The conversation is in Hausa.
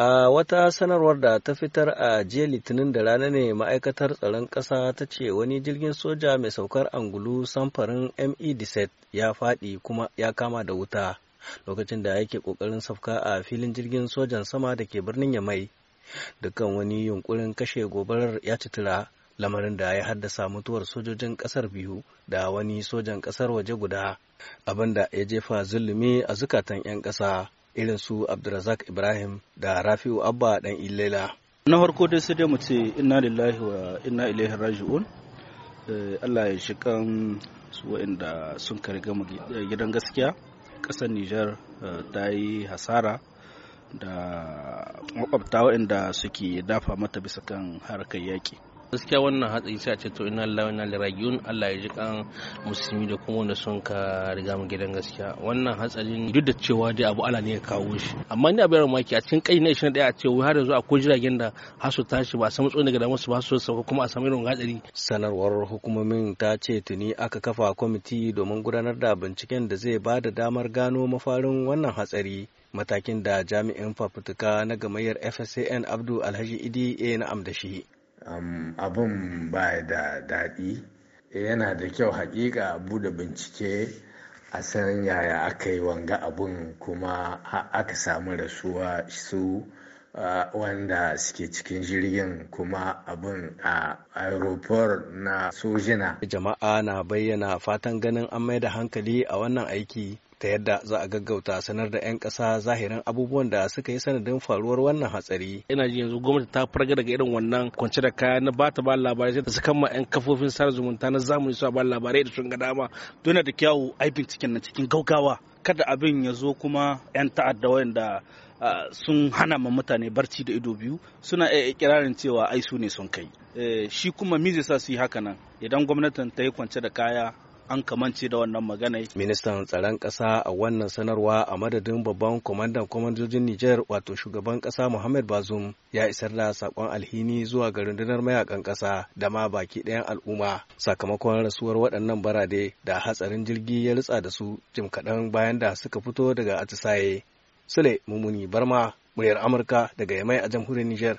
A wata sanarwar da ta fitar a jiya Litinin da rana ne ma'aikatar tsaron ƙasa ta ce wani jirgin soja mai saukar angulu samfarin me deset ya faɗi kuma ya kama da wuta lokacin da yake ƙoƙarin safka a filin jirgin sojan sama da ke birnin ya mai, Dukkan wani yunkurin kashe gobarar ya citira lamarin da ya haddasa mutuwar sojojin ƙasar biyu da wani sojan ƙasar waje guda abinda ya jefa zulumi a zukatan 'yan ƙasa. irin su Abdulrazak Ibrahim da Rafi'u Abba dan Ilela. Na farko dai sai dai mu ce ina lillahi wa inna ilaihi raji'un. Eh, Allah ya kan su waɗanda sun karga eh, gidan gaskiya ƙasar Nijar eh, ta yi hasara da makwabta waɗanda suke dafa mata bisa kan harkar yaƙi. gaskiya wannan hatsari sai a ce to ina lallai na lirayun Allah ya ji kan musulmi da kuma wanda sun ka riga mu gidan gaskiya wannan hatsarin duk da cewa dai abu ala ne ya kawo shi amma ni abin maki a cikin kai na 21 a ce wai har yanzu akwai jiragen da har su tashi ba a samu tsoni daga damar su ba su sauka kuma a samu irin hatsari sanarwar hukumomin ta ce tuni aka kafa kwamiti domin gudanar da binciken da zai ba da damar gano mafarin wannan hatsari matakin da jami'in fafutuka na gamayyar fsan Abdul alhaji idi ya na shi abin ba da daɗi yana da kyau haƙiƙa a bude bincike a san yaya aka yi wanga abin kuma aka samu rasuwa su wanda suke cikin jirgin kuma abin a aeroport na sojina jama'a na bayyana fatan ganin an mai da hankali a wannan aiki ta yadda za a gaggauta sanar da 'yan ƙasa zahirin abubuwan da suka yi sanadin faruwar wannan hatsari. Ina ji yanzu gwamnati ta farga daga irin wannan kwance da kaya na bata ba labarai sai ta saka ma 'yan kafofin sada zumunta na zamani su ba labarai da sun ga dama. Dole da kyawu aibin cikin na cikin gaugawa. Kada abin ya zo kuma 'yan ta'adda wanda sun hana ma mutane barci da ido biyu suna iya kirarin cewa ai su ne sun kai. Eh, shi kuma me zai sa su yi haka nan idan gwamnatin ta yi kwance da kaya an kamance da wannan magana. Ministan tsaron ƙasa a wannan sanarwa a madadin babban kwamandan kwamandojin Nijar wato shugaban ƙasa Muhammad Bazum ya isar da saƙon alhini zuwa ga rundunar mayakan ƙasa da ma baki ɗayan al'umma sakamakon rasuwar waɗannan barade da hatsarin jirgi ya rutsa da su jim kaɗan bayan da suka fito daga atisaye. Sule Mumuni Barma, muryar Amurka daga Yamai a jamhuriyar Nijar.